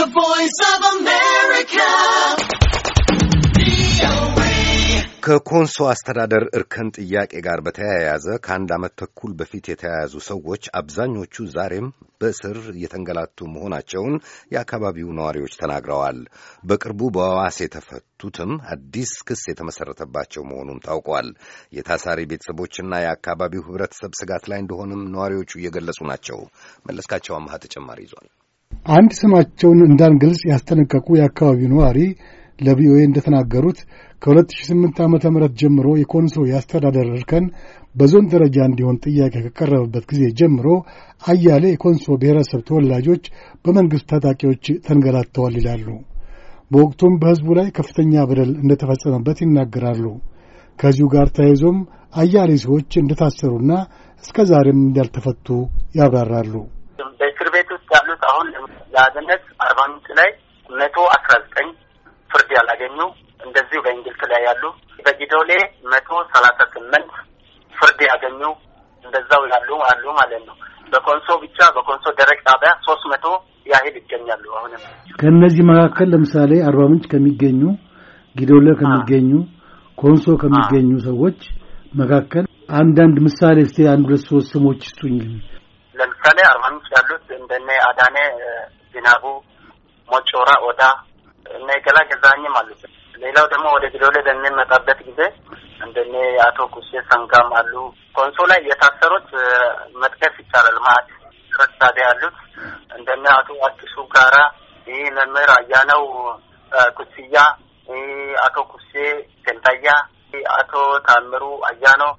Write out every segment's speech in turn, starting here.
The Voice of America. ከኮንሶ አስተዳደር እርከን ጥያቄ ጋር በተያያዘ ከአንድ ዓመት ተኩል በፊት የተያያዙ ሰዎች አብዛኞቹ ዛሬም በእስር እየተንገላቱ መሆናቸውን የአካባቢው ነዋሪዎች ተናግረዋል። በቅርቡ በዋስ የተፈቱትም አዲስ ክስ የተመሰረተባቸው መሆኑም ታውቋል። የታሳሪ ቤተሰቦችና የአካባቢው ሕብረተሰብ ስጋት ላይ እንደሆንም ነዋሪዎቹ እየገለጹ ናቸው። መለስካቸው አምሃ ተጨማሪ ይዟል። አንድ ስማቸውን እንዳንገልጽ ያስጠነቀቁ የአካባቢው ነዋሪ ለቪኦኤ እንደተናገሩት ከ2008 ዓ ም ጀምሮ የኮንሶ የአስተዳደር እርከን በዞን ደረጃ እንዲሆን ጥያቄ ከቀረበበት ጊዜ ጀምሮ አያሌ የኮንሶ ብሔረሰብ ተወላጆች በመንግሥት ታጣቂዎች ተንገላተዋል ይላሉ። በወቅቱም በሕዝቡ ላይ ከፍተኛ በደል እንደተፈጸመበት ይናገራሉ። ከዚሁ ጋር ተያይዞም አያሌ ሰዎች እንደታሰሩና እስከ ዛሬም እንዳልተፈቱ ያብራራሉ። ውስጥ አሁን ለአብነት አርባ ምንጭ ላይ መቶ አስራ ዘጠኝ ፍርድ ያላገኙ እንደዚሁ በእንግልት ላይ ያሉ፣ በጊዶሌ መቶ ሰላሳ ስምንት ፍርድ ያገኙ እንደዛው ያሉ አሉ ማለት ነው። በኮንሶ ብቻ በኮንሶ ደረቅ ጣቢያ ሶስት መቶ ያህል ይገኛሉ። አሁንም ከእነዚህ መካከል ለምሳሌ አርባ ምንጭ ከሚገኙ ጊዶሌ ከሚገኙ ኮንሶ ከሚገኙ ሰዎች መካከል አንዳንድ ምሳሌ እስቲ አንድ ሁለት ሶስት ስሞች ይስጡኝ። ለምሳሌ አርባ አምስት ያሉት እንደነ አዳነ ዚናቡ፣ ሞጮራ ኦዳ እነ ገላ ገዛኝም አሉት። ሌላው ደግሞ ወደ ግዶሌ በምንመጣበት ጊዜ እንደኔ አቶ ኩሴ ሰንጋም አሉ። ኮንሶ ላይ የታሰሩት መጥቀስ ይቻላል። ማት ረሳቢ ያሉት እንደነ አቶ አዲሱ ጋራ ይህ መምህር አያነው ኩስያ፣ አቶ ኩሴ ገንታያ፣ አቶ ታምሩ አያነው፣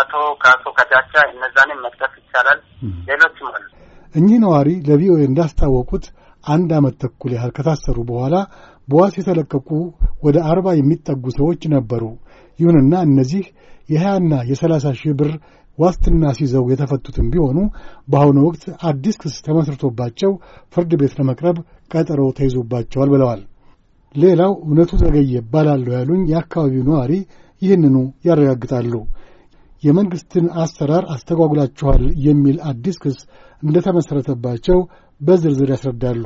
አቶ ካሶ ከጃቻ እነዛንም መጥቀስ ይቻላል። ሌሎችም አሉ። እኚህ ነዋሪ ለቪኦኤ እንዳስታወቁት አንድ ዓመት ተኩል ያህል ከታሰሩ በኋላ በዋስ የተለቀቁ ወደ አርባ የሚጠጉ ሰዎች ነበሩ። ይሁንና እነዚህ የሀያና የሰላሳ ሺህ ብር ዋስትና ሲይዘው የተፈቱትም ቢሆኑ በአሁኑ ወቅት አዲስ ክስ ተመስርቶባቸው ፍርድ ቤት ለመቅረብ ቀጠሮ ተይዞባቸዋል ብለዋል። ሌላው እውነቱ ዘገየ እባላለሁ ያሉኝ የአካባቢው ነዋሪ ይህንኑ ያረጋግጣሉ። የመንግሥትን አሰራር አስተጓጉላችኋል የሚል አዲስ ክስ እንደተመሠረተባቸው በዝርዝር ያስረዳሉ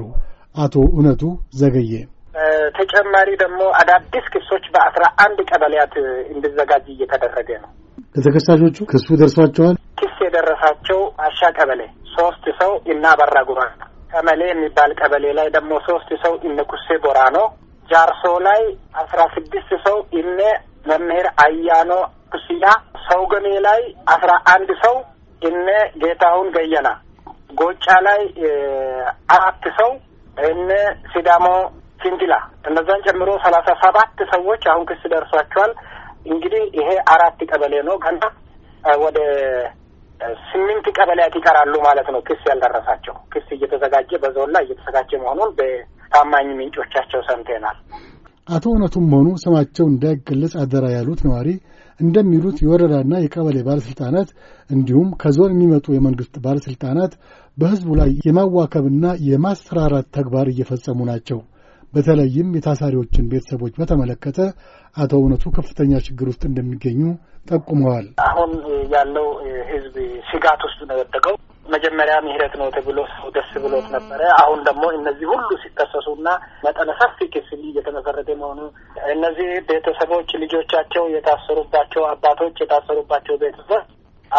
አቶ እውነቱ ዘገየ። ተጨማሪ ደግሞ አዳዲስ ክሶች በአስራ አንድ ቀበሌያት እንዲዘጋጅ እየተደረገ ነው። ለተከሳሾቹ ክሱ ደርሷቸዋል። ክስ የደረሳቸው አሻ ቀበሌ ሶስት ሰው እና በራ ጉራ ቀመሌ የሚባል ቀበሌ ላይ ደግሞ ሶስት ሰው እነ ኩሴ ቦራ ነው። ጃርሶ ላይ አስራ ስድስት ሰው እነ መምህር አያኖ ኩስያ ሰው ገሜ ላይ አስራ አንድ ሰው እነ ጌታሁን ገየና፣ ጎጫ ላይ አራት ሰው እነ ሲዳሞ ሲንዲላ እነዛን ጨምሮ ሰላሳ ሰባት ሰዎች አሁን ክስ ደርሷቸዋል። እንግዲህ ይሄ አራት ቀበሌ ነው። ገና ወደ ስምንት ቀበሌያት ይቀራሉ ማለት ነው ክስ ያልደረሳቸው። ክስ እየተዘጋጀ በዞን ላይ እየተዘጋጀ መሆኑን በታማኝ ምንጮቻቸው ሰምተናል። አቶ እውነቱም ሆኑ ስማቸው እንዳይገለጽ አደራ ያሉት ነዋሪ እንደሚሉት የወረዳና የቀበሌ ባለሥልጣናት እንዲሁም ከዞን የሚመጡ የመንግሥት ባለሥልጣናት በሕዝቡ ላይ የማዋከብና የማስፈራራት ተግባር እየፈጸሙ ናቸው። በተለይም የታሳሪዎችን ቤተሰቦች በተመለከተ አቶ እውነቱ ከፍተኛ ችግር ውስጥ እንደሚገኙ ጠቁመዋል። አሁን ያለው ሕዝብ ስጋት ውስጥ ነው የወደቀው። መጀመሪያ ምህረት ነው ተብሎ ሰው ደስ ብሎት ነበረ። አሁን ደግሞ እነዚህ ሁሉ ሲከሰሱና መጠነ ሰፊ ክስ እየተመሰረተ መሆኑ እነዚህ ቤተሰቦች ልጆቻቸው የታሰሩባቸው አባቶች የታሰሩባቸው ቤተሰብ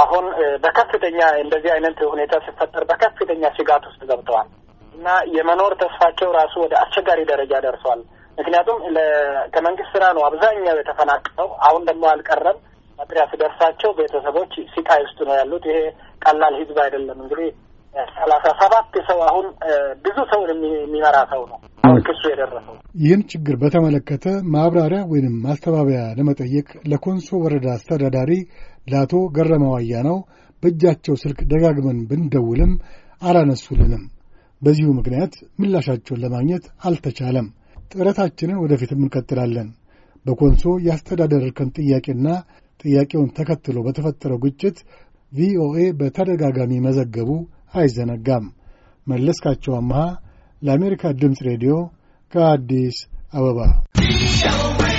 አሁን በከፍተኛ እንደዚህ አይነት ሁኔታ ሲፈጠር በከፍተኛ ስጋት ውስጥ ገብተዋል እና የመኖር ተስፋቸው ራሱ ወደ አስቸጋሪ ደረጃ ደርሷል። ምክንያቱም ከመንግስት ስራ ነው አብዛኛው የተፈናቀለው። አሁን ደግሞ አልቀረም መጥሪያ ሲደርሳቸው ቤተሰቦች ስቃይ ውስጥ ነው ያሉት። ይሄ ቀላል ህዝብ አይደለም። እንግዲህ ሰላሳ ሰባት ሰው አሁን ብዙ ሰውን የሚመራ ሰው ነው አሁን ክሱ የደረሰው። ይህን ችግር በተመለከተ ማብራሪያ ወይንም ማስተባበያ ለመጠየቅ ለኮንሶ ወረዳ አስተዳዳሪ ለአቶ ገረመዋያ ነው። በእጃቸው ስልክ ደጋግመን ብንደውልም አላነሱልንም። በዚሁ ምክንያት ምላሻቸውን ለማግኘት አልተቻለም። ጥረታችንን ወደፊትም እንቀጥላለን። በኮንሶ የአስተዳደር እርከን ጥያቄና ጥያቄውን ተከትሎ በተፈጠረው ግጭት ቪኦኤ በተደጋጋሚ መዘገቡ አይዘነጋም። መለስካቸው አመሃ ለአሜሪካ ድምፅ ሬዲዮ ከአዲስ አበባ